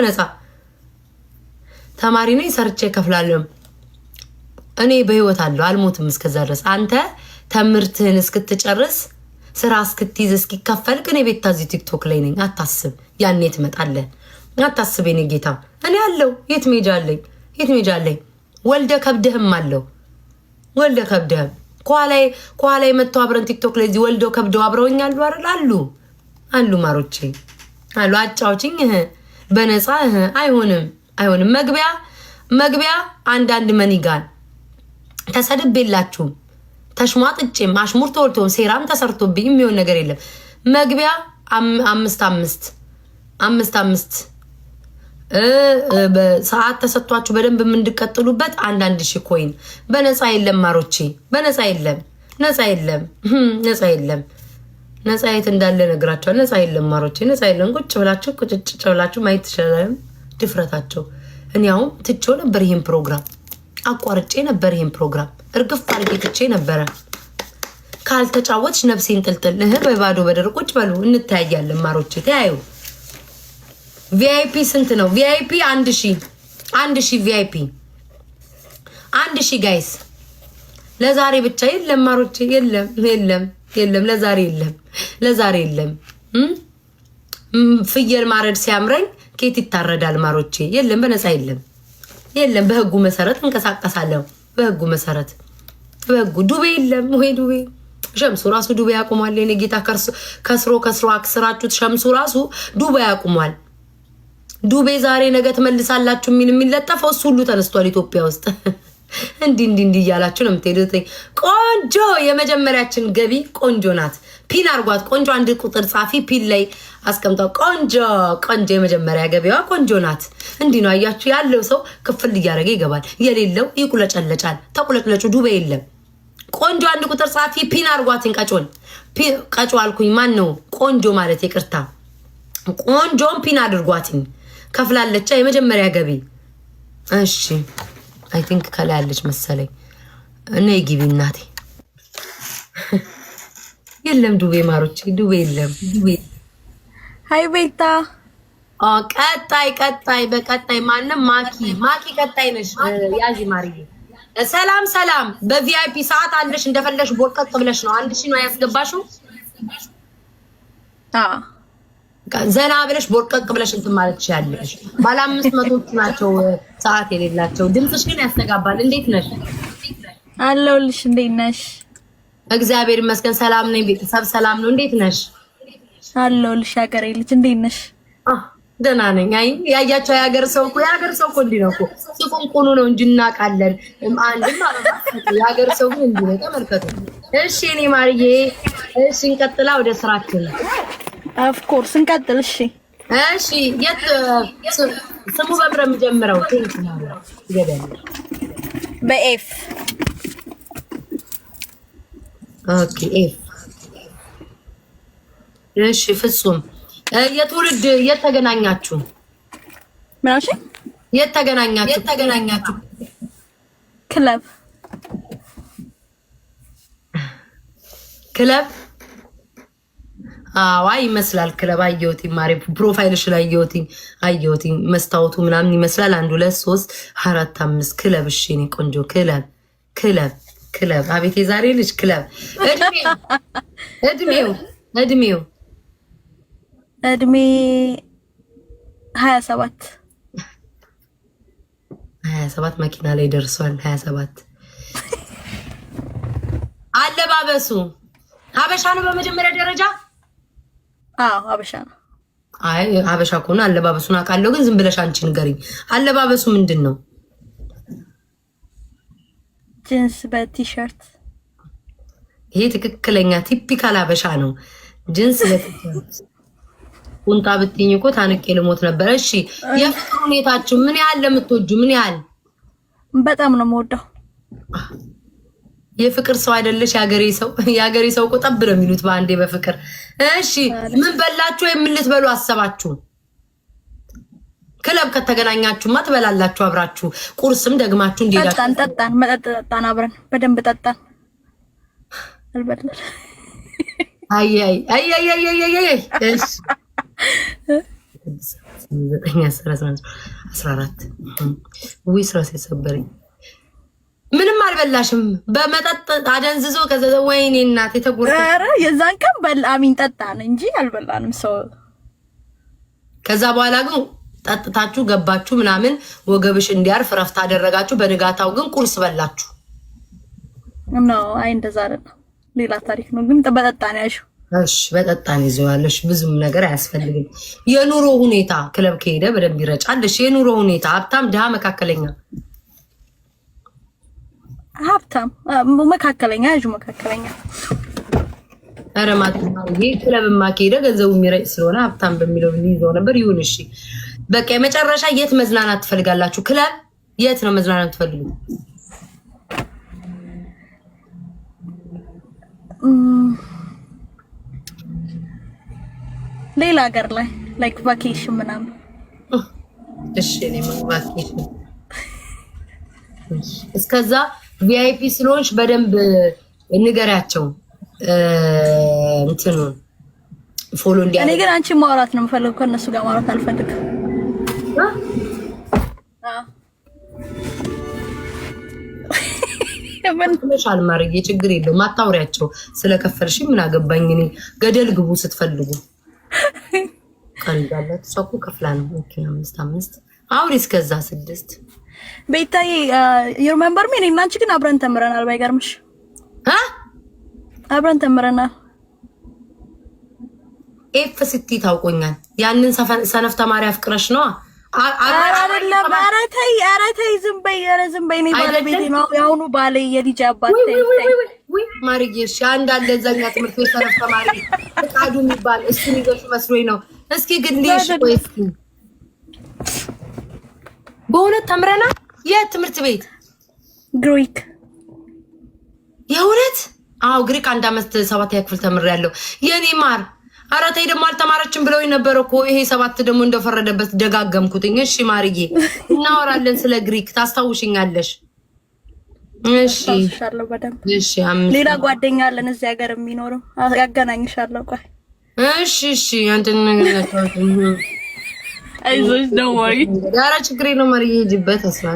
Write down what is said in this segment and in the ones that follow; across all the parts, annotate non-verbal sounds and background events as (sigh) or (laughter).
በነፃ ተማሪ ነኝ ሰርቼ ከፍላለሁ። እኔ በህይወት አለሁ አልሞትም። እስከዛ ድረስ አንተ ትምህርትህን እስክትጨርስ ስራ እስክትይዝ እስኪከፈል ግን የቤት ታዚ ቲክቶክ ላይ ነኝ። አታስብ፣ ያኔ ትመጣለህ። አታስብ የኔ ጌታ፣ እኔ አለው። የት ሜጃ አለኝ? የት ሜጃ አለኝ? ወልደ ከብደህም አለው። ወልደ ከብደህም ከኋላይ ከኋላይ መጥቶ አብረን ቲክቶክ ላይ እዚህ ወልደው ከብደው አብረውኝ አሉ አይደል? አሉ አሉ፣ ማሮቼ አሉ። አጫዎችኝ በነፃ አይሆንም፣ አይሆንም። መግቢያ መግቢያ አንዳንድ መኒጋን ተሰድቤላችሁም ተሽሟጥጬም አሽሙር ተወልቶም ሴራም ተሰርቶብኝ የሚሆን ነገር የለም። መግቢያ አምስት አምስት አምስት አምስት ሰዓት ተሰጥቷችሁ በደንብ የምንድቀጥሉበት አንዳንድ ሺ ኮይን በነፃ የለም። ማሮቼ በነፃ የለም፣ ነፃ የለም፣ ነፃ የለም። ነፃ የት እንዳለ ነግራቸዋል። ነፃ የለም ማሮቼ፣ ነፃ የለም። ቁጭ ብላችሁ ቁጭጭ ብላችሁ ማየት ትችላለም። ድፍረታቸው። እኔ አሁን ትቼው ነበር ይህን ፕሮግራም አቋርጬ ነበር ይህን ፕሮግራም እርግፍ አድርጌ ትቼ ነበረ። ካልተጫወትሽ ነፍሴን ጥልጥል እህ በባዶ በደር ቁጭ በሉ እንታያያለን። ማሮቼ ተያዩ። ቪአይፒ ስንት ነው? ቪአይፒ አንድ ሺ አንድ ሺ ቪአይፒ አንድ ሺ ጋይስ ለዛሬ ብቻ የለም ማሮቼ፣ የለም የለም የለም፣ ለዛሬ የለም፣ ለዛሬ የለም። ፍየል ማረድ ሲያምረኝ ኬት ይታረዳል። ማሮቼ የለም፣ በነፃ የለም፣ የለም። በህጉ መሰረት እንቀሳቀሳለሁ። በህጉ መሰረት በህጉ ዱቤ የለም ወይ ዱቤ ሸምሱ ራሱ ዱባይ ያቁሟል። የኔ ጌታ ከስሮ ከስሮ አክስራችሁት ሸምሱ ራሱ ዱባይ ያቁሟል። ዱቤ ዛሬ ነገ ትመልሳላችሁ የሚል የሚለጠፈው እሱ ሁሉ ተነስቷል ኢትዮጵያ ውስጥ። (laughs) እንዲህ እንዲህ እንዲህ እያላችሁ ነው የምትሄዱት። ቆንጆ የመጀመሪያችን ገቢ ቆንጆ ናት። ፒን አርጓት። ቆንጆ አንድ ቁጥር ጻፊ ፒን ላይ አስቀምጧ። ቆንጆ ቆንጆ የመጀመሪያ ገቢዋ ቆንጆ ናት። እንዲህ ነው አያችሁ። ያለው ሰው ክፍል እያደረገ ይገባል፣ የሌለው ይቁለጨለጫል። ተቁለጭለጩ ዱቤ የለም። ቆንጆ አንድ ቁጥር ጻፊ ፒን አርጓትን። ቀጮን ቀጮ አልኩኝ። ማን ነው ቆንጆ ማለት ይቅርታ። ቆንጆን ፒን አድርጓትኝ። ከፍላለቻ የመጀመሪያ ገቢ እሺ አይ ቲንክ ከላይ ያለች መሰለኝ። እኔ ግቢ እናቴ የለም ዱቤ ማሮች ዱቤ የለም ዱቤ። ሀይ ቤታ ቀጣይ ቀጣይ በቀጣይ ማንም ማኪ ማኪ ቀጣይ ነሽ። ያዚ ማርዬ ሰላም ሰላም። በቪአይፒ ሰዓት አንድሽ እንደፈለሽ ቦልቀጥ ብለሽ ነው አንድ ሺ ነው ያስገባሽው። ዘና ብለሽ ቦርቀቅ ብለሽ እንትን ማለት ትችያለሽ። ባለ አምስት መቶች ናቸው ሰዓት የሌላቸው። ድምፅሽ ግን ያስተጋባል። እንዴት ነሽ? አለሁልሽ። እንዴት ነሽ? እግዚአብሔር ይመስገን ሰላም ነኝ። ቤተሰብ ሰላም ነው። እንዴት ነሽ? አለሁልሽ። ያገሬ ልጅ እንዴት ነሽ? ደህና ነኝ። አይ ያያቸው የሀገር ሰው እኮ የሀገር ሰው እኮ እንዲህ ነው እኮ ስቁንቁኑ ነው እንጂ እናውቃለን። አንድም የሀገር ሰው ግን እንዲህ ነው። ተመልከቱ። እሺ እኔ ማርዬ፣ እሺ እንቀጥላ ወደ ስራችን ኦፍኮርስ እንቀጥል። እሺ እሺ፣ የት ስሙ በምረ የምጀምረው በኤፍ ኦኬ፣ ኤፍ እሺ። ፍጹም የትውልድ የት ተገናኛችሁ? ምን የት ተገናኛችሁ? የት ተገናኛችሁ? ክለብ ክለብ አዋ ይመስላል። ክለብ አየሁት፣ ማሪ ፕሮፋይልሽ ላይ አየሁት፣ አየሁት መስታወቱ ምናምን ይመስላል። አንድ ሁለት ሶስት አራት አምስት ክለብ። እሺ የእኔ ቆንጆ ክለብ፣ ክለብ፣ ክለብ። አቤት የዛሬ ልጅ ክለብ። እድሜው እድሜው እድሜ ሀያ ሰባት ሀያ ሰባት መኪና ላይ ደርሷል። ሀያ ሰባት አለባበሱ ሀበሻ ነው በመጀመሪያ ደረጃ አዎ ሀበሻ ነው። አይ ሀበሻ ከሆነ አለባበሱን አውቃለሁ፣ ግን ዝም ብለሽ አንቺ ንገሪኝ፣ አለባበሱ ምንድን ነው? ጅንስ በቲሸርት ይሄ ትክክለኛ ቲፒካል ሀበሻ ነው። ጅንስ በቲሸርት ቁንጣ ብትይኝ እኮ ታንቄ ልሞት ነበር እሺ የፍቅር ሁኔታችሁ ምን ያህል ለምትወጁ ምን ያህል? በጣም ነው የምወደው። የፍቅር ሰው አይደለሽ? የሀገሬ ሰው የሀገሬ ሰው እኮ ነው የሚሉት በአንዴ በፍቅር እሺ ምን በላችሁ ወይም ምን ልትበሉ አሰባችሁ? ክለብ ከተገናኛችሁማ ትበላላችሁ አብራችሁ። ቁርስም ደግማችሁ እንዲላችሁ ጠጣን ጠጣን መጠጥ ጠጣን አብረን በደንብ ጠጣን። አልበላል አይ አይ አይ አይ አይ አይ እሺ (laughs) ዘጠኝ አስራ አስራ አራት ውይ ስራ ምንም አልበላሽም። በመጠጥ አደንዝዞ ከዛ ወይኔ እናት የተጎረ የዛን ቀን በላሚን ጠጣን እንጂ አልበላንም ሰው። ከዛ በኋላ ግን ጠጥታችሁ ገባችሁ ምናምን ወገብሽ እንዲያርፍ ረፍት አደረጋችሁ። በንጋታው ግን ቁርስ በላችሁ። አይ እንደዛ አይደለም፣ ሌላ ታሪክ ነው። ግን በጠጣን ያልሽው እሺ፣ በጠጣን ይዘዋለሽ። ብዙም ነገር አያስፈልግም። የኑሮ ሁኔታ ክለብ ከሄደ በደንብ ይረጫለሽ። የኑሮ ሁኔታ ሀብታም፣ ድሃ፣ መካከለኛ ሀብታም መካከለኛ ያ መካከለኛ ረማት ክለብ ማካሄደ ገንዘቡ የሚረጭ ስለሆነ ሀብታም በሚለው ይዘው ነበር። ይሁን እሺ፣ በቃ የመጨረሻ የት መዝናናት ትፈልጋላችሁ? ክለብ የት ነው መዝናናት ትፈልጉ? ሌላ ሀገር ላይ ላይክ ቫኬሽን ምናምን። እሺ እኔ ቫኬሽን እስከዛ ቪአይፒ ስለሆንሽ በደንብ ንገሪያቸው እንትኑን ፎሎ እንዲያ። እኔ ግን አንቺ ማውራት ነው የምፈልገው፣ ከእነሱ ጋር ማውራት አልፈልግም። ሻል ማድረግ ችግር የለው ማታወሪያቸው ስለከፈልሽ ምን አገባኝ እኔ። ገደል ግቡ ስትፈልጉ። ቀልዳለት ሰኩ ከፍላ ነው አምስት አምስት አውሪ እስከዛ ስድስት ቤታዬ የሪመምበር ሜ እኔና አንቺ ግን አብረን ተምረናል። ባይገርምሽ አብረን ተምረናል። ኤፍ ስቲ ታውቆኛል። ያንን ሰነፍ ተማሪ አፍቅረሽ ነዋ። አይደለም። ኧረ ተይ፣ ኧረ ተይ፣ ዝም በይ፣ ኧረ ዝም በይ። እኔ ባለቤቴ ነው የአሁኑ ባለ የልጅ አባት ማርዬ። እሺ አንድ አለ እዛኛ ትምህርት ቤት ሰነፍ ተማሪ ፍቃዱ የሚባል እሱን ይዘሽ መስሎኝ ነው። እስኪ ግንዴሽ ልሽ ቆይ እስኪ በእውነት የት የትምህርት ቤት ግሪክ የእውነት አዎ፣ ግሪክ አንድ አመት ሰባት ያክፍል ተምሬያለሁ። የኔ ማር አራቴ ደግሞ አልተማረችም ብለው የነበረ እኮ ይሄ ሰባት ደግሞ እንደፈረደበት ደጋገምኩትኝ። እሺ ማርዬ፣ እናወራለን ስለ ግሪክ ታስታውሽኛለሽ? እሺ ሌላ ጓደኛ አለን እዚህ ሀገር የሚኖረው ያገናኝሻለሁ። ቆይ እሺ እሺ። አንተን ነገር አይዞሽ ደሞ ጋራ ችግሬ ነው መርዬ ሂጂበት አስራ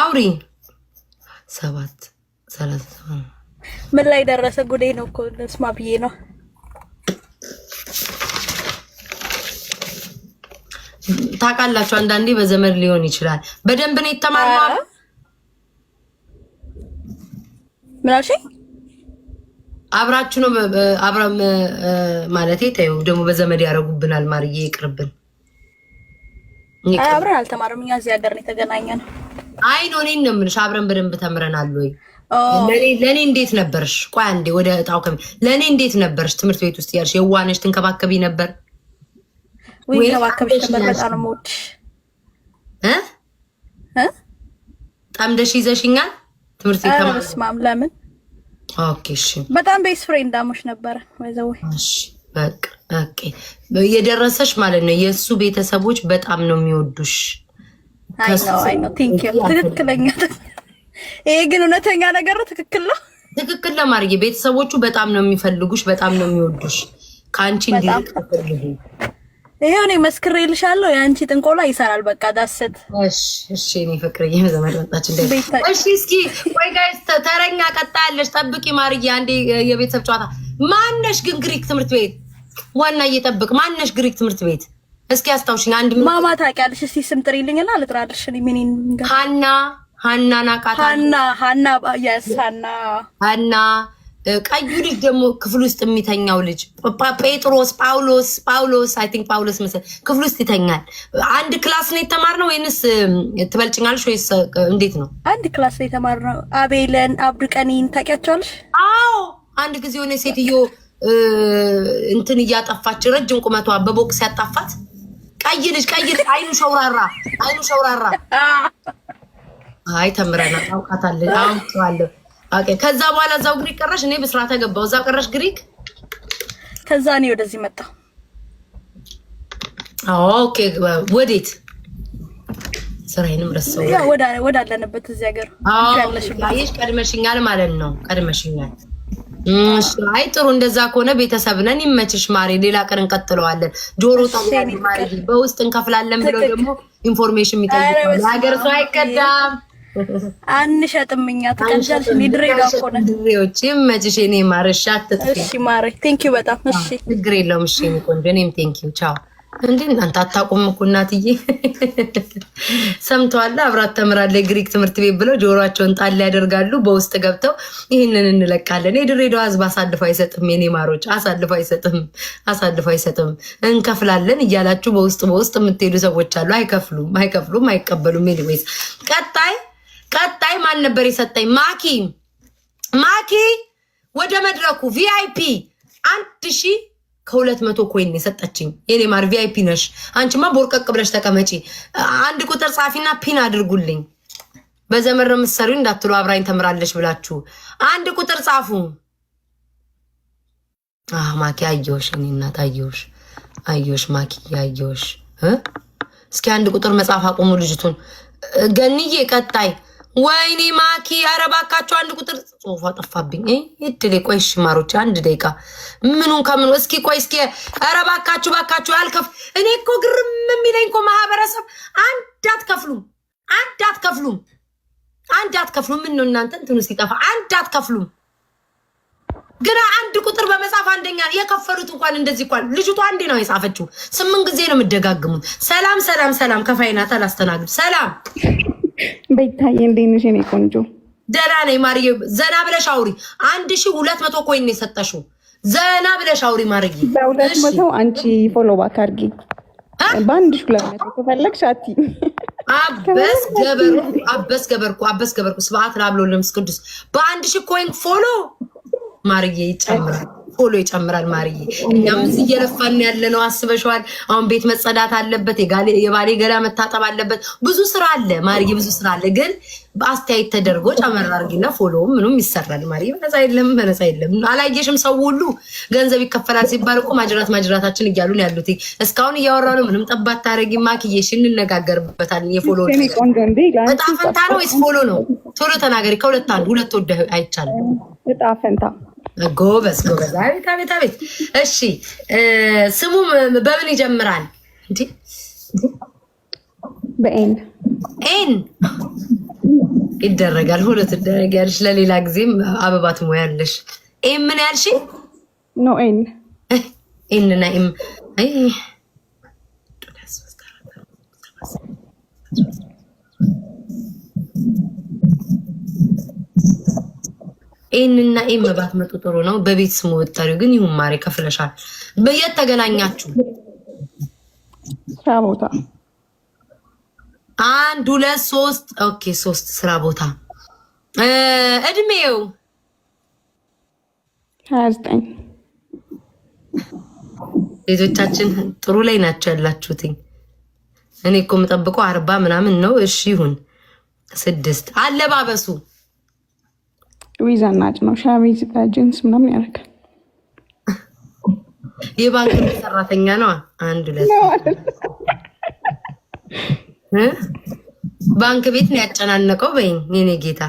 አውሪ ሰባት ምን ላይ ደረሰ? ጉዴ ነው እኮ ስማ ብዬ ነው ታውቃላችሁ። አንዳንዴ በዘመድ ሊሆን ይችላል። በደንብ ነው የተማርነው። ምን አልሽኝ? አብራችሁ ነው አብረም ማለት ተይው። ደግሞ በዘመድ ያደርጉብናል። ማርዬ ይቅርብን። አብረን አልተማርም። እኛ እዚህ ሀገር ነው የተገናኘን። አይ ነው እኔን ነው የምልሽ። አብረን በደንብ ተምረናል ወይ? ለእኔ እንዴት ነበርሽ? ቆይ አንዴ ወደ እጣው ከም ለእኔ እንዴት ነበርሽ? ትምህርት ቤት ውስጥ ያልሽ የዋነሽ ትንከባከቢ ነበር ወይ? ተንከባከብሽ ነበር? በጣም ነው የምወድሽ። ጠምደሽ ይዘሽኛል ትምህርት ተማስማም ለምን? ኦኬ እሺ። በጣም ቤስ ፍሬንድ አሞች ነበረ ወይዘው እሺ። በቃ ኦኬ። የደረሰሽ ማለት ነው። የእሱ ቤተሰቦች በጣም ነው የሚወዱሽ። አይ ነው አይ ነው። ይሄ ግን እውነተኛ ነገር ነው። ትክክል ነው። ትክክል ቤተሰቦቹ በጣም ነው የሚፈልጉሽ፣ በጣም ነው የሚወዱሽ። ከአንቺ እንዲልቅ ተፈልጉ ይሄው እኔ መስክሬልሻለሁ። የአንቺ ጥንቆላ ይሰራል። በቃ ዳስት እሺ፣ እሺ። እኔ ፍቅርዬ ዘመድ መጣች እንዴ? እሺ፣ እስኪ ወይ ጋይስ፣ ተረኛ ቀጣያለሽ። ጠብቂ ማርዬ፣ አንዴ የቤተሰብ ጨዋታ። ማነሽ ግን ግሪክ ትምህርት ቤት ዋና እየጠብቅ ማነሽ ግሪክ ትምህርት ቤት እስኪ አስታውሽኝ። አንድ ምን ማማ ታውቂያለሽ? እስቲ ስም ጥሪልኝና ልጥራልሽ። እኔ ምን ሀና ሀና ናቃታ ሀና ሀና የስ ሀና ሀና ቀዩ ልጅ ደግሞ ክፍል ውስጥ የሚተኛው ልጅ ጴጥሮስ ጳውሎስ ጳውሎስ አይ ቲንክ ጳውሎስ መሰለኝ ክፍል ውስጥ ይተኛል። አንድ ክላስ ነው የተማርነው ወይንስ ትበልጭኛለሽ ወይስ እንዴት ነው? አንድ ክላስ ነው የተማርነው። አቤለን አብዱቀኒን ታውቂያቸዋለሽ? አዎ አንድ ጊዜ የሆነ ሴትዮ እንትን እያጠፋች ረጅም ቁመቷ በቦክስ ያጣፋት ቀይ ልጅ ቀይ ልጅ አይኑ ሸውራራ አይኑ ሸውራራ። አይ ተምረናል፣ አውቃታለሁ አውቃታለሁ ኦኬ። ከዛ በኋላ እዛው ግሪክ ቀረሽ? እኔ ብስራተ ገባው። እዛው ቀረሽ ግሪክ? ከዛ እኔ ወደዚህ መጣ። ኦኬ። ወዴት? ስራዬንም ረሳሁ። ያው ወደ ወዳ አለንበት እዚህ ሀገር አይሽ ቀድመሽኛል ማለት ነው። ቀድመሽኛል። እሺ። አይ ጥሩ። እንደዛ ከሆነ ቤተሰብ ነን። ይመችሽ ማሬ። ሌላ ቀን እንቀጥለዋለን። ጆሮ ታውቃለህ ማሬ። በውስጥ እንከፍላለን ብለው ደግሞ ኢንፎርሜሽን የሚጠይቁ የሀገር ሰው አይቀዳም። አንሸጥም እኛ ትቀንሻለሽ። ድሬዳዋ እኮ ነው። ድሬዎች ይመችሽ የእኔ ማር። አትጥፊ። እሺ ማር፣ ቴንኪው በጣም እሺ። ችግር የለውም እሺ። ቆንጆ፣ እኔም ቴንኪው። ቻው። እንዴ እናንተ አታውቁም እኮ እናትዬ። (laughs) ሰምተዋል። አብራት ተምራለች ግሪክ ትምህርት ቤት ብለው ጆሮቸውን ጣል ያደርጋሉ። በውስጥ ገብተው ይህንን እንለቃለን። የድሬዳዋ ሕዝብ አሳልፎ አይሰጥም። የኔ ማሮች አሳልፎ አይሰጥም፣ አሳልፎ አይሰጥም። እንከፍላለን እያላችሁ በውስጥ በውስጥ የምትሄዱ ሰዎች አሉ። አይከፍሉም፣ አይከፍሉም፣ አይቀበሉም። ኤኒዌይስ ቀጣይ ማን ነበር የሰጠኝ ማኪ ማኪ ወደ መድረኩ ቪአይፒ አንድ ሺ ከሁለት መቶ ኮይን የሰጠችኝ የኔ ማር ቪአይፒ ነሽ አንቺማ ቦርቀቅ ብለሽ ተቀመጪ አንድ ቁጥር ጻፊና ፒን አድርጉልኝ በዘመን ነው የምትሰሪው እንዳትሉ አብራኝ ተምራለች ብላችሁ አንድ ቁጥር ጻፉ ማኪ አየሁሽ እኔ እናት አየሁሽ አየሁሽ ማኪ አየሁሽ እስኪ አንድ ቁጥር መጽሐፍ አቁሙ ልጅቱን ገንዬ ቀጣይ ወይኔ ማኪ ኧረ እባካችሁ አንድ ቁጥር ጽሁፏ ጠፋብኝ። እድሌ ቆይ ሽማሮች አንድ ደቂቃ ምኑን ከምኑ እስኪ ቆይ እስኪ ኧረ እባካችሁ እባካችሁ ያልከፍ እኔ እኮ ግርም የሚለኝ እኮ ማህበረሰብ አንድ አትከፍሉም፣ አንድ አትከፍሉም፣ አንድ አትከፍሉም። ምን ነው እናንተ እንትኑ ሲጠፋ አንድ አትከፍሉም። ግን አንድ ቁጥር በመጻፍ አንደኛ የከፈሉት እንኳን እንደዚህ እንኳን ልጅቷ አንዴ ነው የጻፈችው። ስምንት ጊዜ ነው የምደጋግሙት። ሰላም ሰላም ሰላም ከፋይናት አላስተናግድ ሰላም በይታዬ እንዴት ነሽ የእኔ ቆንጆ? ደህና ነኝ ማርዬ። ዘና ብለሽ አውሪ። አንድ ሺህ ሁለት መቶ ኮይን ነው የሰጠሽው። ዘና ብለሽ አውሪ ማርዬ። በሁለት መቶ አንቺ ፎሎ ባክ አድርጊ። በአንድ ሺህ ሁለት መቶ ከፈለግሽ አቲ አበስ ገበርኩ አበስ ገበርኩ አበስ ገበርኩ ስብሐት ለአብ ለወልድ ለመንፈስ ቅዱስ። በአንድ ሺህ ኮይን ፎሎ ማርዬ ይጨምራል። ፎሎ ይጨምራል። ማርዬ እኛም እዚህ እየለፋን ያለ ነው። አስበሽዋል። አሁን ቤት መጸዳት አለበት፣ የባሌ ገላ መታጠብ አለበት። ብዙ ስራ አለ ማርዬ፣ ብዙ ስራ አለ። ግን በአስተያየት ተደርጎ ጨመራ አርጊና ፎሎ ምንም ይሰራል ማርዬ። በነፃ የለም፣ በነፃ የለም። አላየሽም? ሰው ሁሉ ገንዘብ ይከፈላል ሲባል እኮ ማጅራት ማጅራታችን እያሉን ያሉት እስካሁን እያወራ ነው። ምንም ጠባት ታደረጊ ማክዬሽ፣ እንነጋገርበታል። የፎሎ እጣ ፈንታ ነው ወይስ ፎሎ ነው? ቶሎ ተናገሪ። ከሁለት አንዱ ሁለት ወደ አይቻልም። እጣ ፈንታ ጎበዝ ጎበዝ። አቤት አቤት አቤት። እሺ ስሙ በምን ይጀምራል? እንዲ በኤን ኤን ይደረጋል። ሁሉ ትደረጊያለሽ። ለሌላ ጊዜም አበባ ትሞያለሽ። ኤም ምን ያልሽ ኖ ኤን ኤን ና ኤም ኤንና ኤም መባት መጡ ጥሩ ነው። በቤት ስሙ ወጣሪው ግን ይሁን ማሬ ከፍለሻል። በየት ተገናኛችሁ? ስራ ቦታ አንድ ሁለት ሶስት። ኦኬ ሶስት ስራ ቦታ። እድሜው ሀያ ዘጠኝ ጥሩ ላይ ናቸው ያላችሁትኝ። እኔ እኮ የምጠብቀው አርባ ምናምን ነው። እሺ ይሁን ስድስት አለባበሱ ሸሚዝ አናጭ ነው። ሸሚዝ በጅንስ ምናምን ያደርጋል። የባንክ ሰራተኛ ነው። አንድ ባንክ ቤት ነው ያጨናነቀው። በይኝ የኔ ጌታ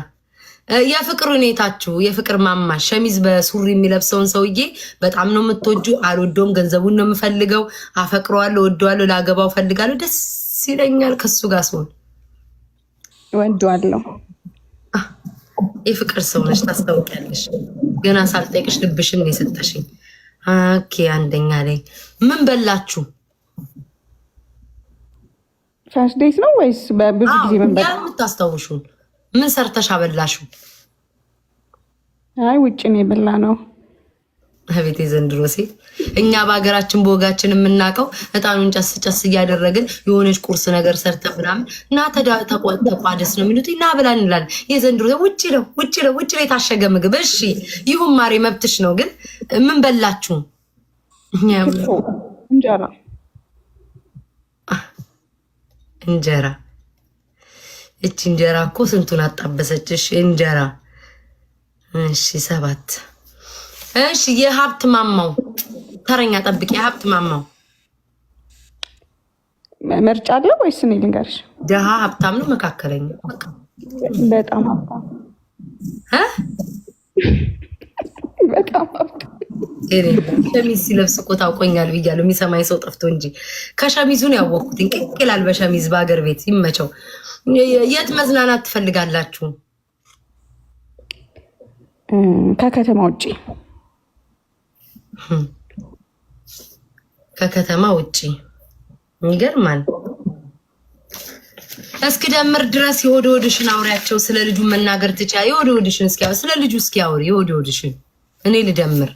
የፍቅር ሁኔታችሁ የፍቅር ማማ ሸሚዝ በሱሪ የሚለብሰውን ሰውዬ በጣም ነው የምትወጁ። አልወደውም፣ ገንዘቡን ነው የምፈልገው፣ አፈቅረዋለሁ፣ ወደዋለሁ፣ ላገባው ፈልጋለሁ፣ ደስ ይለኛል ከሱ ጋር ሲሆን ወደዋለሁ የፍቅር ሰው ነች፣ ታስታውቂያለሽ። ገና ሳልጠይቅሽ ልብሽን የሰጠሽኝ። ኦኬ አንደኛ ላይ ምን በላችሁ? ሻሽ ዴት ነው ወይስ ብዙ ጊዜ ምን በላ? ምን ሰርተሽ አበላሹ? አይ ውጭ ነው የበላ ነው አቤት የዘንድሮ ሴት! እኛ በሀገራችን በወጋችን የምናውቀው እጣኑን ጨስ ጨስ እያደረግን የሆነች ቁርስ ነገር ሰርተን ምናምን እና ተቋደስ ነው የሚሉት እና ብላ እንላለን። የዘንድሮ ውጭ ነው ውጭ ነው ውጭ ነው የታሸገ ምግብ። እሺ ይሁን ማሬ መብትሽ ነው፣ ግን ምን በላችሁ? እንጀራ እንጀራ። እቺ እንጀራ እኮ ስንቱን አጣበሰች እንጀራ እሺ ሰባት እሺ የሀብት ማማው ተረኛ ጠብቅ። የሀብት ማማው ምርጫ አለው ወይስ እኔ ልንገርሽ? ደሃ ሀብታም ነው መካከለኛ? በጣም ሀብታም (laughs) በጣም ሀብታም። ሸሚዝ ሲለብስ እኮ ታውቆኛል ብያለሁ፣ የሚሰማኝ ሰው ጠፍቶ እንጂ ከሸሚዙን ያወቅኩትኝ ቅቅ ይላል በሸሚዝ በሀገር ቤት ይመቸው። የት መዝናናት ትፈልጋላችሁ? ከከተማ ውጭ ከከተማ ውጪ ይገርማል። እስኪ ደምር ድረስ የሆድ ወድሽን አውሪያቸው። ስለ ልጁ መናገር ትቻ የሆድ ወድሽን እስኪ ስለ ልጁ እስኪ አውሪ የሆድ ወድሽን እኔ ልደምር።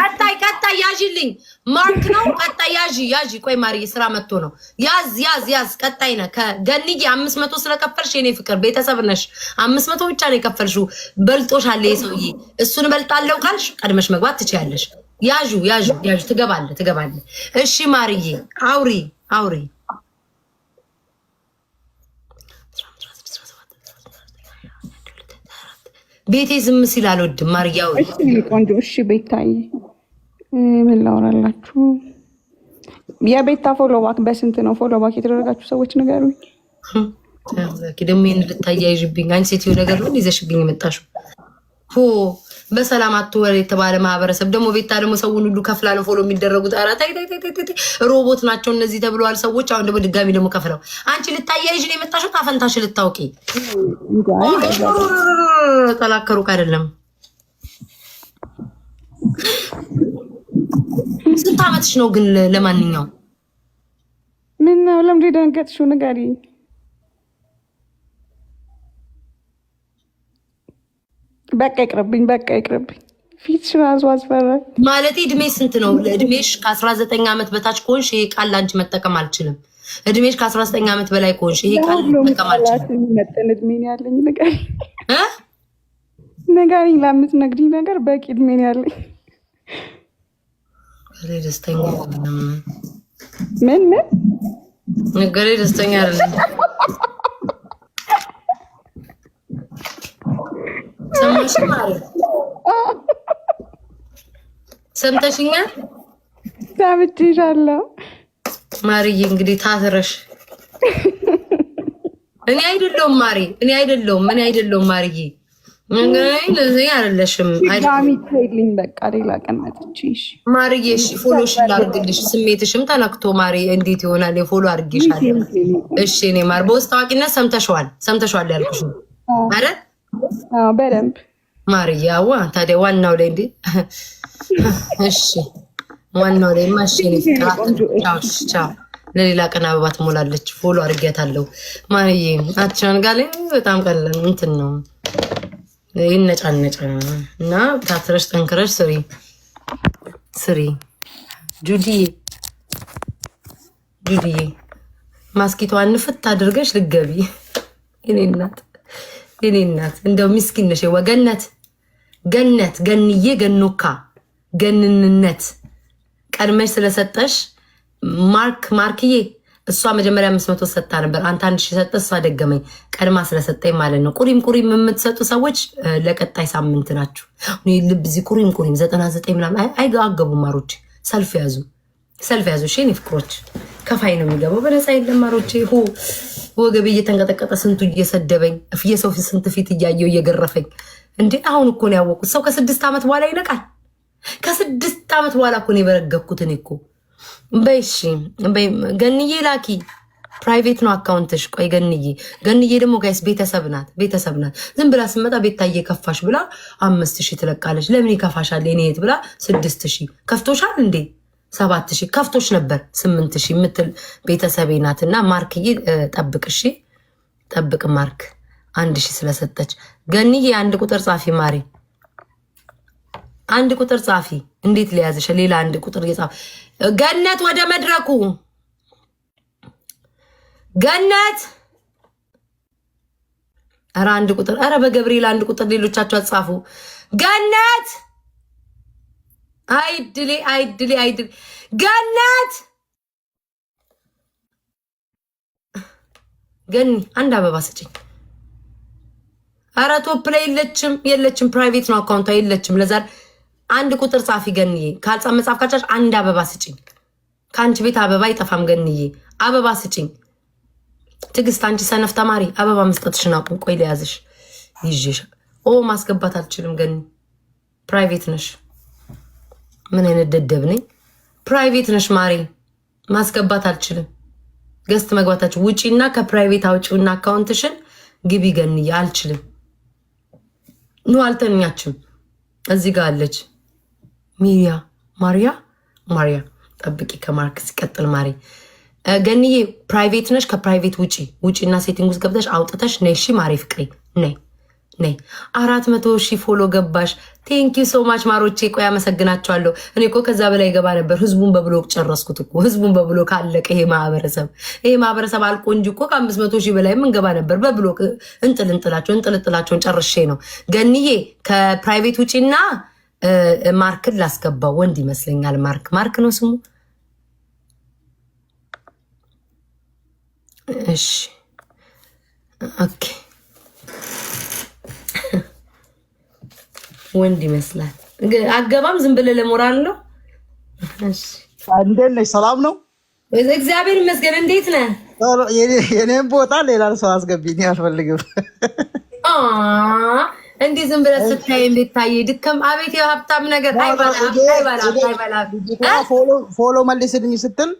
ቀጣይ ቀጣይ ያዥልኝ ማርክ ነው። ቀጣይ ያዥ ያዥ። ቆይ ማሪ ስራ መጥቶ ነው። ያዝ ያዝ ያዝ። ቀጣይ ነ ከገኒጌ አምስት መቶ ስለከፈልሽ የኔ ፍቅር ቤተሰብ ነሽ። አምስት መቶ ብቻ ነው የከፈልሽው። በልጦሻል ሰውዬ። እሱን በልጣለው ካልሽ ቀድመሽ መግባት ትችያለሽ። ያዥ ያዥ ያዥ። ትገባለ ትገባለ። እሺ ማርዬ አውሪ አውሪ ቤቴ ዝም ሲል አልወድም። ማርያው ቆንጆ። እሺ ቤታዬ ምን ላውራላችሁ? የቤታ ፎሎባክ በስንት ነው ፎሎባክ የተደረጋችሁ ሰዎች ንገሩኝ። ደግሞ ይህን ልታያይዥብኝ አንቺ ሴትዮ ነገር ነው ይዘሽብኝ የመጣሽው ሆ በሰላም አትወር የተባለ ማህበረሰብ ደግሞ ቤታ ደግሞ ሰውን ሁሉ ከፍላ ነው ፎሎ የሚደረጉት። ኧረ ተይ ተይ ተይ ሮቦት ናቸው እነዚህ ተብለዋል ሰዎች። አሁን ደግሞ ድጋሚ ደግሞ ከፍለው አንቺ ልታያይዥ ነው የመጣሽው። ታፈንታሽ ልታውቂ ተላከሩክ አይደለም ስንት ዓመትሽ ነው ግን? ለማንኛው ምን ነው ለምንድን ደነገጥሽው? ንገሪኝ። በቃ ይቅርብኝ፣ በቃ ይቅርብኝ። ፊትሽ ራሱ አስፈራ። ማለት እድሜ ስንት ነው? እድሜሽ ከአስራ ዘጠኝ ዓመት በታች ከሆንሽ ይሄ ቃል ለአንቺ መጠቀም አልችልም። እድሜሽ ከአስራ ዘጠኝ ዓመት በላይ ከሆንሽ ይሄ ቃል መጠቀም አልችልም። መጠን እድሜ ነው ያለኝ። ንገሪኝ፣ ንገሪኝ። ነገር በቂ እድሜ ነው ያለኝ ነገሬ ደስተኛ አይደለም። ምን ምን ነገሬ ደስተኛ አይደለም። ሰምተሽኛል? ሰምቼሻለሁ ማርዬ። እንግዲህ ታስረሽ እኔ አይደለሁም ማሪ፣ እኔ አይደለሁም፣ እኔ አይደለሁም ማርዬ ለዚህ አይደለሽም ጋሚ ትሄድልኝ በቃ ሌላ ቀን መጥቼሽ ማርዬ፣ እሺ ፎሎሽ ስሜትሽም ተነክቶ ማሪ፣ እንዴት ይሆናል? የፎሎ እሺ እኔ ማር በውስጥ ያልኩሽ አረ በደንብ ማርዬ። አዋ ታዲያ ዋናው ላይ እንዴ! እሺ ዋናው ላይ ማሽ ለሌላ ቀን አበባ ትሞላለች። ፎሎ አርጌያታለሁ ማርዬ። አቸውን ጋር በጣም ቀለን እንትን ነው ይነጫነጫ እና ታትረሽ ጠንክረሽ ስሪ ስሪ። ጁዲዬ ጁዲዬ ማስኪቷን ፍት አድርገሽ ልገቢ። የኔ እናት የኔ እናት እንደው ነሽ። ወገነት ገነት ገንዬ ገኖካ ገንንነት ቀድመሽ ስለሰጠሽ ማርክ ማርክዬ እሷ መጀመሪያ አምስት መቶ ሰጥታ ነበር። አንተ አንድ ሺህ ሰጠ፣ እሷ ደገመኝ ቀድማ ስለሰጠኝ ማለት ነው። ቁሪም ቁሪም የምትሰጡ ሰዎች ለቀጣይ ሳምንት ናችሁ። ልብ እዚህ ቁሪም ቁሪም ዘጠና ዘጠኝ ምናምን አይገቡ ማሮች፣ ሰልፍ ያዙ፣ ሰልፍ ያዙ። ሽን ፍቅሮች ከፋይ ነው የሚገባው በነፃ የለም ማሮቼ። ሁ ወገቤ እየተንቀጠቀጠ ስንቱ እየሰደበኝ የሰው ስንት ፊት እያየው እየገረፈኝ እንዴ። አሁን እኮ ነው ያወቁት። ሰው ከስድስት ዓመት በኋላ ይነቃል። ከስድስት ዓመት በኋላ እኮ ነው የበረገብኩትን እኮ በይሺ ገንዬ ላኪ። ፕራይቬት ነው አካውንትሽ። ቆይ ገንዬ ገንዬ ደግሞ ጋይስ ቤተሰብ ናት፣ ቤተሰብ ናት። ዝም ብላ ስመጣ ቤታዬ ከፋሽ ብላ አምስት ሺህ ትለቃለች። ለምን ይከፋሻል የኔ እህት ብላ ስድስት ሺህ ከፍቶሻል እንዴ? ሰባት ሺህ ከፍቶች ነበር ስምንት ሺህ የምትል ቤተሰቤ ናት። እና ማርክዬ ጠብቅ፣ እሺ ጠብቅ ማርክ። አንድ ሺህ ስለሰጠች ገንዬ አንድ ቁጥር ጻፊ ማሬ አንድ ቁጥር ጻፊ። እንዴት ሊያዝሽ ሌላ አንድ ቁጥር እየጻፍ ገነት ወደ መድረኩ ገነት ኧረ አንድ ቁጥር ኧረ በገብርኤል አንድ ቁጥር ሌሎቻችሁ አጻፉ። ገነት አይድሌ አይድሌ አይድሌ ገነት ገኒ አንድ አበባ ስጭኝ። ኧረ ቶፕ ላይ የለችም የለችም። ፕራይቬት ነው አካውንቷ የለችም ለዛ አንድ ቁጥር ጻፊ ገንዬ፣ ካልጻ መጻፍ ካልቻልሽ አንድ አበባ ስጭኝ። ከአንቺ ቤት አበባ አይጠፋም ገንዬ፣ አበባ ስጭኝ። ትግስት አንቺ ሰነፍ ተማሪ አበባ መስጠትሽን አቁም። ቆይ ለያዝሽ ይዤሽ ኦ ማስገባት አልችልም ገኒ፣ ፕራይቬት ነሽ። ምን አይነት ደደብ ነኝ። ፕራይቬት ነሽ ማሪ፣ ማስገባት አልችልም። ገስት መግባታችሁ ውጪና ከፕራይቬት አውጪውና አካውንትሽን ግቢ ገንዬ፣ አልችልም። ኑ አልተኛችም። እዚህ ጋር አለች። ሚሪያ ማሪያ ማሪያ ጠብቂ። ከማርክ ሲቀጥል ማሪ ገንዬ ፕራይቬት ነሽ። ከፕራይቬት ውጪ ውጪና ሴቲንግ ውስጥ ገብተሽ አውጥተሽ ነይ። ሺ ማሪ ፍቅሬ ነይ ነይ። አራት መቶ ሺህ ፎሎ ገባሽ። ቴንኪ ሶ ማች ማሮቼ። ቆይ አመሰግናቸዋለሁ። እኔ እኮ ከዛ በላይ ገባ ነበር። ህዝቡን በብሎክ ጨረስኩት እኮ ህዝቡን በብሎክ አለቀ። ይሄ ማህበረሰብ ይሄ ማህበረሰብ አልቆ እንጂ እኮ ከአምስት መቶ ሺህ በላይ ምን ገባ ነበር በብሎክ። እንጥልንጥላቸው እንጥልጥላቸውን ጨርሼ ነው ገንዬ ከፕራይቬት ውጪና ማርክን ላስገባው ወንድ ይመስለኛል። ማርክ ማርክ ነው ስሙ። እሺ ኦኬ፣ ወንድ ይመስላል። አገባም ዝም ብለህ ለሞራል ነው። እንዴት ነሽ? ሰላም ነው። እግዚአብሔር ይመስገን። እንዴት ነህ? የኔም ቦታ ሌላ ሰው አስገብኝ አልፈልግም። እንዲህ ዝም ብለህ ስታይ የሚታይ ድከም አቤት የሀብታም ነገር ፎሎ መልስልኝ ስትል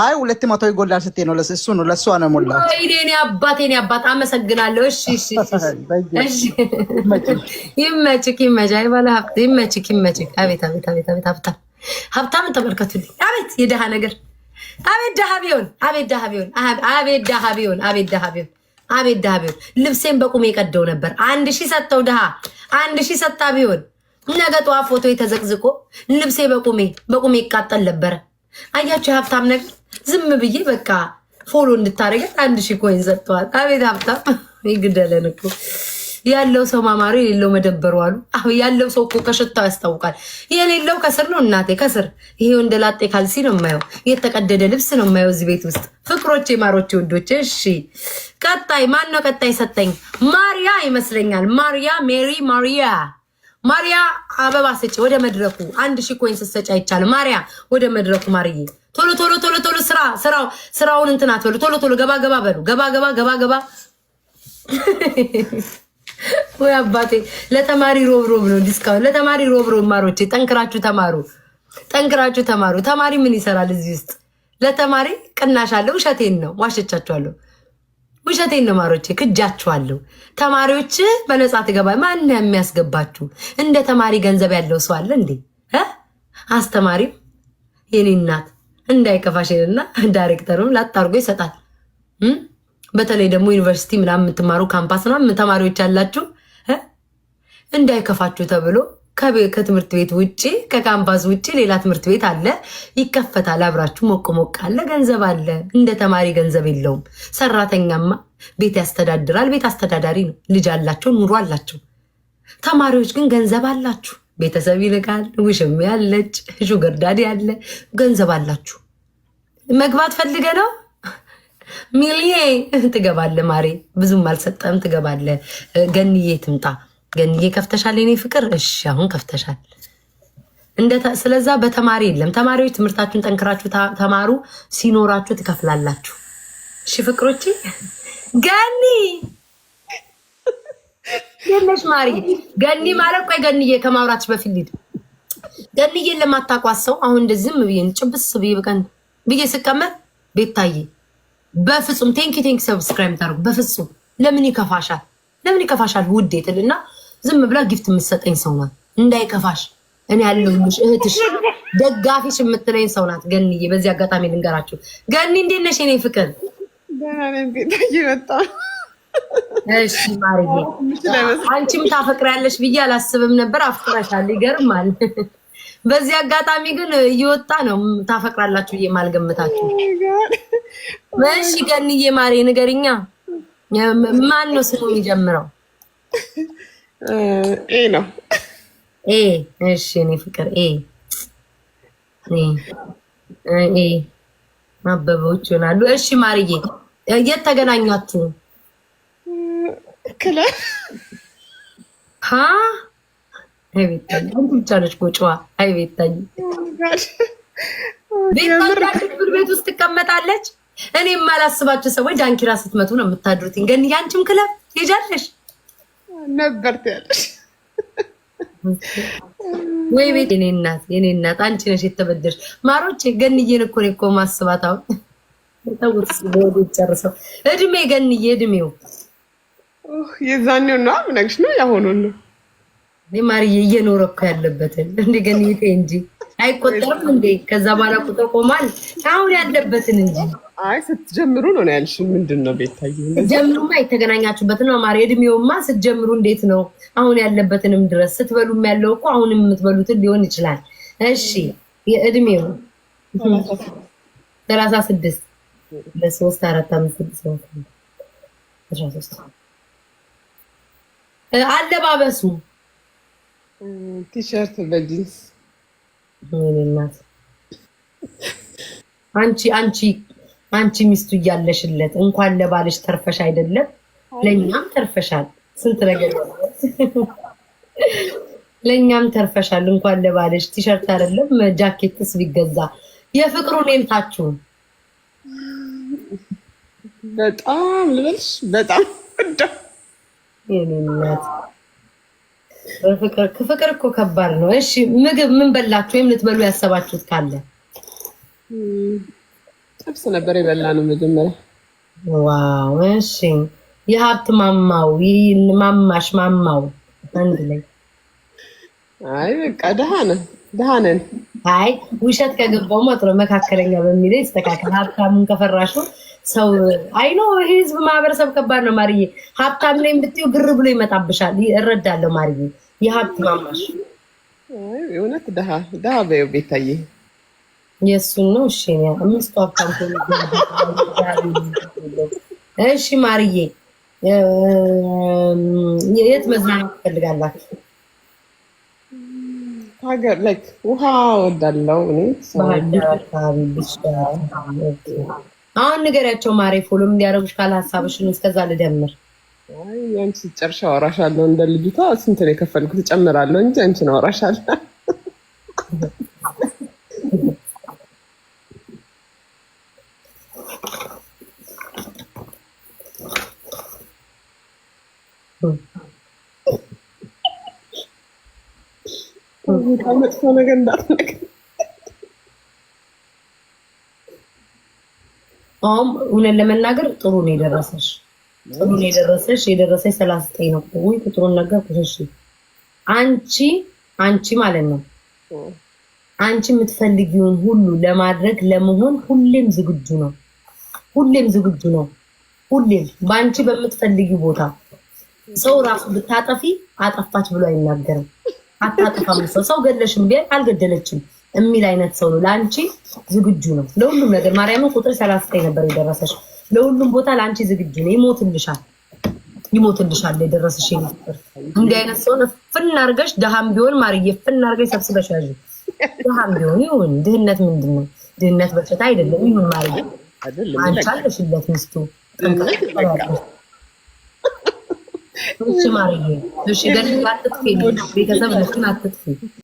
አይ ሁለት መቶ ይጎላል ስትይ ነው። እሱ ነው ለእሷ ነው ሞላ ይኔ አባት ኔ አባት አመሰግናለሁ። እሺ እሺ እሺ ይመችክ ይመች አይበላ ሀብት ይመችክ ይመችክ። አቤት አቤት አቤት አቤት ሀብታም ሀብታም ተመልከቱልኝ። አቤት የድሃ ነገር አቤት ደሃ ቢሆን አቤት ደሃ ቢሆን አቤት ደሃ ቢሆን አቤት ደሃ ቢሆን አቤት ድሃ ቢሆን ልብሴን በቁሜ ቀደው ነበር። አንድ ሺህ ሰጥተው ድሃ አንድ ሺህ ሰጥታ ቢሆን ነገ ጠዋት ፎቶ የተዘቅዝቆ ልብሴ በቁሜ በቁሜ ይቃጠል ነበረ። አያቸው የሀብታም ነገር ዝም ብዬ በቃ ፎሎ እንድታደረገት አንድ ሺህ ኮይን ሰጥተዋል። አቤት ሀብታም ይግደለን እኮ ያለው ሰው ማማሩ የሌለው መደበሩ አሉ። ያለው ሰው እኮ ከሽታው ያስታውቃል። የሌለው ከስር ነው እናቴ፣ ከስር ይሄ ላጤ ካልሲ ነው የማየው፣ የተቀደደ ልብስ ነው የማየው እዚህ ቤት ውስጥ። ፍቅሮቼ፣ ማሮቼ፣ ውዶቼ። እሺ ቀጣይ ማን ነው? ቀጣይ ሰጠኝ ማሪያ ይመስለኛል። ማሪያ ሜሪ፣ ማሪያ ማሪያ አበባ ስጪ። ወደ መድረኩ አንድ ሺ ኮይን ስትሰጪ አይቻልም። ማሪያ ወደ መድረኩ ማርዬ ቶሎ ቶሎ ቶሎ ቶሎ ስራ ስራው ስራውን እንትን አትበሉ። ቶሎ ቶሎ ገባ ገባ በሉ። ገባ ገባ ገባ ገባ ወይ አባቴ ለተማሪ ሮብሮብ ነው ዲስካውንት ለተማሪ ሮብሮብ። ማሮቼ ጠንክራችሁ ተማሩ፣ ጠንክራችሁ ተማሩ። ተማሪ ምን ይሰራል እዚህ ውስጥ? ለተማሪ ቅናሽ አለ። ውሸቴን ነው፣ ዋሸቻችኋለሁ። ውሸቴን ነው ማሮቼ፣ ክጃችኋለሁ። ተማሪዎች በነፃ ትገባ። ማን የሚያስገባችሁ? እንደ ተማሪ ገንዘብ ያለው ሰው አለ እንዴ? አስተማሪም የኔ እናት እንዳይከፋሽንና ዳይሬክተርም ላታርጎ ይሰጣል። በተለይ ደግሞ ዩኒቨርሲቲ ምናምን የምትማሩ ካምፓስ ምናምን ተማሪዎች ያላችሁ እንዳይከፋችሁ ተብሎ ከትምህርት ቤት ውጭ ከካምፓስ ውጭ ሌላ ትምህርት ቤት አለ፣ ይከፈታል። አብራችሁ ሞቅ ሞቅ አለ፣ ገንዘብ አለ። እንደ ተማሪ ገንዘብ የለውም። ሰራተኛማ ቤት ያስተዳድራል። ቤት አስተዳዳሪ ነው። ልጅ አላቸው፣ ኑሮ አላቸው። ተማሪዎች ግን ገንዘብ አላችሁ። ቤተሰብ ይልካል፣ ውሽም ያለች ሹገርዳዲ ያለ ገንዘብ አላችሁ። መግባት ፈልገ ነው ሚሊየን ትገባለ። ማሬ ብዙም አልሰጠም ትገባለ። ገንዬ ትምጣ። ገንዬ ከፍተሻል የኔ ፍቅር። እሺ አሁን ከፍተሻል። ስለዛ በተማሪ የለም። ተማሪዎች ትምህርታችሁን ጠንክራችሁ ተማሩ፣ ሲኖራችሁ ትከፍላላችሁ። እሺ ፍቅሮች፣ ገኒ የለሽ ማሪ ገኒ ማለት ቆይ፣ ገንዬ ከማውራትሽ በፊት ልሂድ። ገንዬን ለማታቋት ሰው አሁን እንደዚህም ብዬ ጭብስ ብዬ ብቀን ብዬ ስቀመጥ ታዬ በፍጹም ቴንኪ ቴንኪ ሰብስክራይብ ታደርጉ። በፍጹም ለምን ይከፋሻል? ለምን ይከፋሻል? ውድ ትልና ዝም ብላ ጊፍት የምትሰጠኝ ሰው ናት። እንዳይከፋሽ እኔ ያለሁልሽ እህትሽ፣ ደጋፊሽ የምትለኝ ሰው ናት ገኒዬ። በዚህ አጋጣሚ ልንገራችሁ ገኒ፣ እንዴት ነሽ የኔ ፍቅር? እሺ ማርዬ፣ አንቺም ታፈቅሪያለሽ ብዬ አላስብም ነበር። አፍቅረሻል፣ ይገርማል። በዚህ አጋጣሚ ግን እየወጣ ነው ታፈቅራላችሁ ብዬ ማልገምታችሁ oh እሺ ገንዬ ማሬ ንገሪኛ፣ ማን ነው ስሙ የሚጀምረው? ኤ ነው ኤ። እሺ እኔ ፍቅር ኤ ኤ አበቦች ይሆናሉ። እሺ ማርዬ፣ የት ተገናኛችሁ? ክለብ ሀ አይቤታኝ ብቻ ነች አይቤታኝ ቤት ውስጥ ትቀመጣለች። እኔ የማላስባቸው ሰዎች ዳንኪራ ስትመቱ ነው የምታድሩት። ግን ያንቺም ክለብ ትሄጃለሽ ነበር ትያለሽ ወይ ቤት የኔ እናት የኔ እናት አንቺ ነሽ የተበደርሽ። ማሮቼ ገንዬን እኮ እኔ እኮ ማስባት አሁን ተውት፣ ወዴት ጨርሰው እድሜ ገንዬ እድሜው የዛኔው ነው ምነግሽ ነው ያሆኑን ነው ማርዬ እየኖረ እኮ ያለበትን እንደ ገንዬ እንጂ አይቆጠርም እንዴ? ከዛ በኋላ ቁጥር ቆማል። አሁን ያለበትን እንጂ አይ ስትጀምሩ ነው ነው ያልሽ። ምንድን ነው ቤታዬ? ስትጀምሩማ የተገናኛችሁበት ነው ማሪ። እድሜውማ ስትጀምሩ እንዴት ነው አሁን ያለበትንም ድረስ ስትበሉም ያለው እኮ አሁን የምትበሉትን ሊሆን ይችላል። እሺ የእድሜው ሰላሳ ስድስት ለሶስት አራት አምስት ስድስት አስራ ሶስት አለባበሱ ቲሸርት በጂንስ አንቺ አንቺ አንቺ ሚስቱ እያለሽለት እንኳን ለባልሽ ተርፈሽ አይደለም ለእኛም ተርፈሻል። ስንት ነገር ለእኛም ተርፈሻል። እንኳን ለባልሽ ቲሸርት አይደለም ጃኬትስ ቢገዛ የፍቅሩ ኔምታችሁ በጣም ልበልሽ በጣም የኔናት ፍቅር እኮ ከባድ ነው። እሺ ምግብ ምን በላችሁ ወይም ልትበሉ ያሰባችሁት ካለ ጥብስ ነበር የበላ ነው መጀመሪያ። ዋው! እሺ የሀብት ማማው ይህን ማማሽ ማማው አንድ ላይ አይ በቃ ደሃ ነን ደሃ ነን። አይ ውሸት ከገባው ማጥሮ መካከለኛ በሚል ይስተካከል። ሀብታሙን ከፈራሹ ሰው አይ ነው ይሄ ህዝብ ማህበረሰብ ከባድ ነው ማርዬ። ሀብታም ላይ ብትዩ ግር ብሎ ይመጣብሻል። እረዳለሁ ማርዬ። የሀብት ማማሽ እውነት ደሃ ደሃ በየው ቤታዬ የእሱን ነው። እሺ አምስቱ አካውንት እሺ፣ ማርዬ የት መዝናናት ትፈልጋላችሁ? ሀገር ላይ ውሃ ወዳለው አሁን ንገሪያቸው ማሬ፣ ፎሎም እንዲያደርጉሽ ካለ ሀሳብሽን እስከዛ ልደምር። አንቺ ጨርሻ አወራሻለሁ። እንደ ልጅቷ ስንት ነው የከፈልኩት? እጨምራለሁ እንጂ አንቺን አወራሻለሁ መጥፎ ነገር እንዳትነግር። አሁን እውነት ለመናገር ጥሩ ነው የደረሰሽ፣ ጥሩ ነው የደረሰሽ። የደረሰሽ ሰላሳ ዘጠኝ ነው። ወይ ቁጥሩን ነገርኩሽ። እሺ አንቺ አንቺ ማለት ነው አንቺ የምትፈልጊውን ሁሉ ለማድረግ ለመሆን ሁሌም ዝግጁ ነው። ሁሌም ዝግጁ ነው። ሁሌም በአንቺ በምትፈልጊው ቦታ ሰው ራሱ ብታጠፊ አጠፋች ብሎ አይናገርም። አታጠፋም ሰው ሰው ገለሽም ቢያል አልገደለችም የሚል አይነት ሰው ነው። ለአንቺ ዝግጁ ነው ለሁሉም ነገር። ማርያምን ቁጥር ሰላሳ ዘጠኝ ነበር የደረሰሽ። ለሁሉም ቦታ ለአንቺ ዝግጁ ነው። ይሞትልሻል፣ ይሞትልሻል የደረሰሽ ነበር። እንዲህ አይነት ሰው ፍና አርገሽ ድሃም ቢሆን ማርዬ፣ ፍና አርገሽ ሰብስበሽ ያዥ። ድሃም ቢሆን ይሁን፣ ድህነት ምንድን ነው? ድህነት በሽታ አይደለም። ይሁን ማርዬ፣ አንቺ አለሽለት ሚስቱ እሺ ማርዬ፣ እሺ ቤተሰብ አትጥፊ።